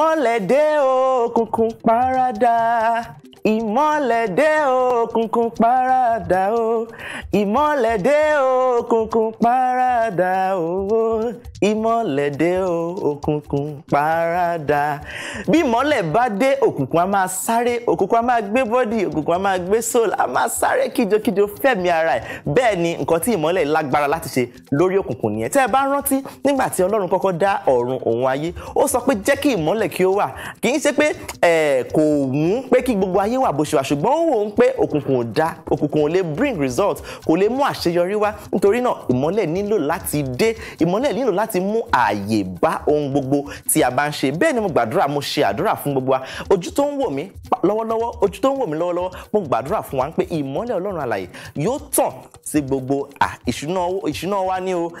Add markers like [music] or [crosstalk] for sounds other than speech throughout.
ìmọ́lẹ̀ dé òkùnkùn parada ìmọ́lẹ̀ dé òkùnkùn parada o ìmọ́lẹ̀ dé òkùnkùn parada o ìmọ̀lẹ̀ dé o òkùnkùn paradà bí ìmọ̀lẹ̀ bá dé òkùnkùn a máa sáré òkùnkùn a máa gbé bọ́dì òkùnkùn a máa gbé soul a máa sáré kíjokíjo fẹ̀mí ara ẹ̀ bẹ́ẹ̀ ni nǹkan tí ìmọ̀lẹ̀ lágbára láti ṣe lórí òkùnkùn nìyẹn tẹ́ ẹ bá rántí nígbà tí ọlọ́run kọ́kọ́ dá ọ̀run òun ayé ó sọ pé jẹ́ kí ìmọ̀lẹ̀ kí ó wà kì í ṣe pé ẹ̀ kò mú pé kí gbogbo ayé wà bó ṣe wà ṣùgbọ́n ó wò ó pé òkùnkùn ò dá òkùnkùn ò lè bring result kò lè mú àṣeyọrí wá nítorí náà ìmọ̀lẹ̀ nílò láti dé ìmọ̀lẹ̀ nílò láti láti mú ààyè bá ohun gbogbo tí a bá ń ṣe bẹ́ẹ̀ ni mo gbàdúrà mo ṣe àdúrà fún gbogbo wa ojú tó ń wò mí lọ́wọ́lọ́wọ́ ojú tó ń wò mí lọ́wọ́lọ́wọ́ mo gbàdúrà fún wa pé ìmọ́lẹ̀ ọlọ́run alààyè yóò tàn sí gbogbo ìṣúná wa ní o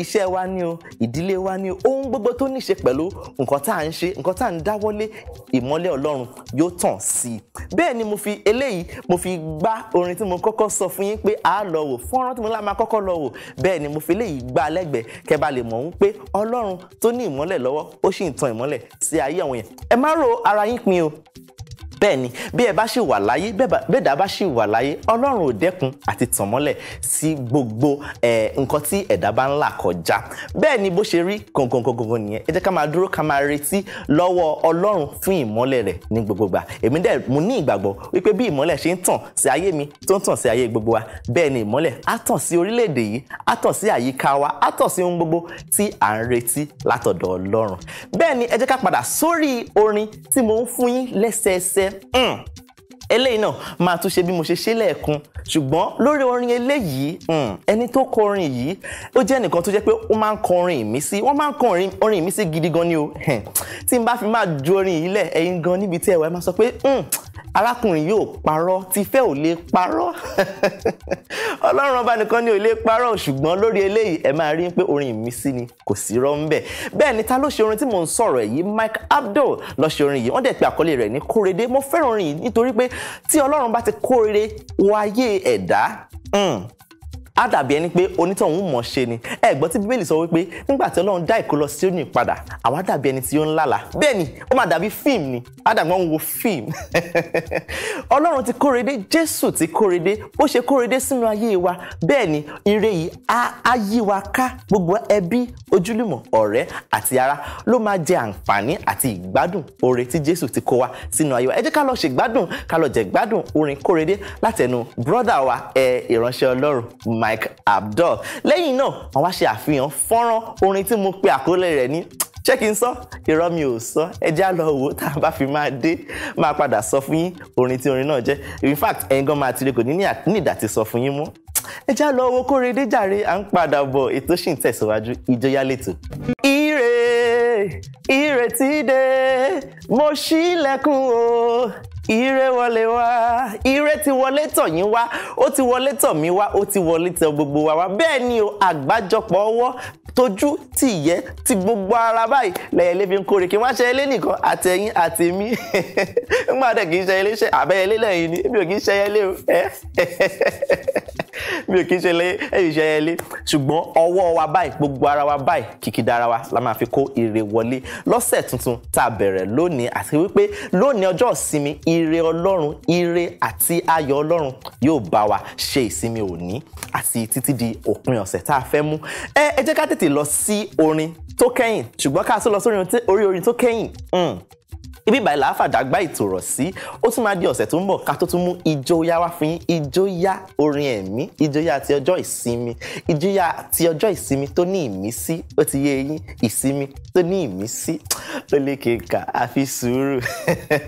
iṣẹ́ wa ní o ìdílé wa ní o ohun gbogbo tó ní ṣe pẹ̀lú nǹkan tá à ń ṣe nǹkan tá à ń dáwọ́lé ìmọ́lẹ̀ ọlọ́run yóò tàn sí i bẹ́ẹ̀ ni mo fi eléyìí mo fi gbá orin tí mo kọ́kọ́ sọ fún yín pé a lọ wò fọ́nrán tí mo lá máa kọ́kọ́ lọ wò bẹ́ẹ̀ ni mo fi eléyìí gbá lẹ́gbẹ̀ẹ́ kẹ́ bá lè mọ mọ̀ ń pé ọlọ́run tó ní ìmọ́lẹ̀ lọ́wọ́ ó sì ń tan ìmọ́lẹ̀ sí ayé àwọn yẹn ẹ má ro ara yín pin o bẹ́ẹ̀ ni bí ẹ bá ṣì wà láyé bẹ́ẹ̀ dá bá ṣì wà láyé ọlọ́run ò dẹ́kun àti tàn mọ́lẹ̀ sí gbogbo nǹkan tí ẹ̀dá bá ń là kọjá bẹ́ẹ̀ ni bó ṣe rí gọ̀ngọ̀ngọ̀ngọ̀ nìyẹn ẹ jẹ́ ká máa dúró ká máa retí lọ́wọ́ ọlọ́run fún ìmọ́lẹ̀ rẹ̀ ní gbogbogbà èmi dẹ̀ mo ní ìgbàgbọ́ wípé bí ìmọ́lẹ̀ ṣe ń tàn sí ayé mi tó ń tàn sí ayé gbogbo wa bẹ́ẹ̀ ni ìmọ́lẹ̀ á tàn sí orílẹ̀-èdè yìí á tàn sí àyíká wa á tàn sí ohun gbogbo tí à ń retí látọ̀dọ̀ ọlọ́run bẹ́ẹ̀ ni ẹ jẹ́ ká padà sórí orin tí mo ń fún yín lẹ́sẹẹsẹ Hmm. eléyìí náà máa tún ṣe bí mo ṣe ṣe lẹ́ẹ̀kan ṣùgbọ́n lórí orin eléyìí hmm, ẹni tó kọ orin yìí ó jẹ́ nìkan tó jẹ́ pé ó máa ń kọ orin mi sí wọ́n máa ń kọ orin mi sí gidi gan ni o tí n bá fi máa ju orin yìí lẹ̀ ẹ̀yin gan níbi tí ẹ̀wà ẹ̀ máa sọ pé hmm, arákùnrin yóò parọ́ tífẹ́ ò lè parọ́ [laughs] ọlọ́run ọba nìkan ni ò lè parọ́ ṣùgbọ́n lórí eléyìí ẹ máa rí pé orin ìmísí ni kò sí rọ́ ń bẹ̀ bẹ́ẹ̀ ni ta ló ṣe orin tí mò ń sọ̀rọ̀ yìí Mike Abdul ló ṣe orin yìí wọ́n dẹ̀ pe àkọlé rẹ̀ ní kórede mo fẹ́ràn orin yìí nítorí pé tí ọlọ́run bá ti kórede wáyé ẹ̀dá hmm, á dàbí ẹni pé onítọ̀hún mọ̀ ṣe ni ẹ̀gbọ́n tí bíbélì sọ wípé nígbà tí ọlọ́run dá ìkó lọ Síónì padà àwa dàbí ẹni tí ó ń lálàá bẹ́ẹ̀ ni ó máa dàbí fíìmù ni á dàbí wọn ń wo fíìmù [laughs] ọlọ́run ti kórede Jésù ti kórede ó ṣe kórede sínú ayé wa bẹ́ẹ̀ ni ire yìí á yí wa ká gbogbo ẹbí ojúlùmọ̀ ọ̀rẹ́ àti ara ló máa jẹ àǹfààní àti ìgbádùn oore tí Jésù ti kó wa sínú ayé wa ẹ Mike Abdul lẹ́yìn náà wọ́n wá ṣe àfihàn fọ́nrán orin tí mo pe àkọlé rẹ̀ ní ṣé kí n sọ irọ́ mi ò sọ ẹjẹ́ á lọ wò ó tá a bá fi máa dé máa padà sọ fún yín orin tí orin náà jẹ́ in fact ẹ̀yin gan máa tirẹ̀ kò ní ní ìdá ti sọ fún yín mọ́ ẹjẹ́ á lọ wo Kóredé jàre à ń padà bọ̀ ètò ṣì ń tẹ̀síwájú ìjọyà lẹ́tọ̀. ire ìrètí dé mo ṣílẹ̀kùn o ire wọlé wá ire ti wọlé tọ̀ yín wá ó ti wọlé tọ̀ mí wá ó ti wọlé tọ̀ gbogbo wa wá bẹ́ẹ̀ ni o àgbájọpọ̀ ọwọ́ tójú tìyẹ́ ti gbogbo ara báyìí lẹ́yìn lẹ́bi ń kórè kí n wá ṣe ilé nìkan àtẹ̀yìn àti mí ń gbàdọ̀ kì í ṣe ilé ṣe àbẹ́yẹlé lẹ́yìn ni èmi ò kì í ṣe ilé o. [laughs] mi ò kì í ṣe iṣẹ́ ilé ṣùgbọ́n ọwọ́ wa báyìí gbogbo ara wa báyìí kìkìdá ara wa la máa fi kó ire wọlé lọ́sẹ̀ tuntun tá a bẹ̀rẹ̀ lónìí àti wípé lónìí ọjọ́ ìsinmi ire ọlọ́run ire àti ayọ̀ ọlọ́run yóò bá wa ṣe ìsinmi òní àti títí di òpin ọ̀sẹ̀ tá a fẹ́ mú ẹ ẹ jẹ́ ká tètè lọ sí orin tó kẹ́yìn ṣùgbọ́n ká tó lọ sórí orin tó kẹ́yìn hmm ibi ìbàyìí làá fàdágbá ìtòrọ̀ sí ó tún máa di ọ̀sẹ̀ tó ń bọ̀ ká tó tún mú ìjóyà wá fún yín ìjóyà orin ẹ̀mí ìjóyà ti ọjọ́ ìsinmi ìjóyà ti ọjọ́ ìsinmi tó ní ìmísí ó ti yé yín ìsinmi tó ní ìmísí ó lè kéka àfi sùúrù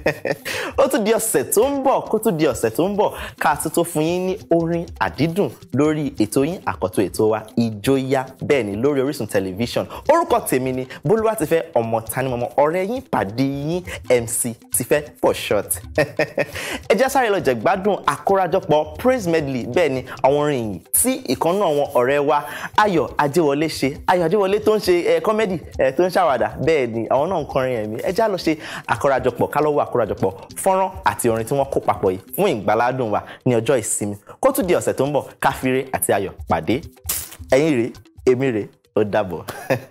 [laughs] ó tún di ọ̀sẹ̀ tó ń bọ̀ kó tún di ọ̀sẹ̀ tó ń bọ̀ ká tó tó fún yín ní orin àdídùn lórí ètò yín àkọ́tọ̀ ètò wa ìjóyà bẹ́ẹ̀ ni lórí Orísun tẹlifíṣàn orúkọ tèmi ni Bólúwatifẹ́ ọmọ tanimọ̀mọ́ ọ̀rẹ́ yín pàdé yín MC Tifẹ́ for short [laughs] ẹ jẹ́ sáré lọ jẹ̀gbádùn àkórajọpọ̀ praise medley bẹ́ẹ̀ ni àwọn orin yìí tí ìkànnà àwọn ọ̀rẹ́ wa Ayọ̀ Adéwọlé ṣe Ayọ̀ Adéwọlé tó ń ṣe ẹ kọ́mẹ́dì ẹ tó ń ṣàwàdà bẹ́ẹ̀ ni àwọn náà ń kọrin ẹ̀mí ẹ já lọ ṣe àkórajọpọ̀ kálọ́wọ́ àkórajọpọ̀ fọ́nrán àti orin tí wọ́n kó papọ̀ yìí fún ìgbàládùn wa ní ọjọ́ ìsinmi di ọ̀sẹ̀ tó ń bọ̀ káfíńrẹ́ àti Ayọ̀ pàdé ẹ̀yin [laughs]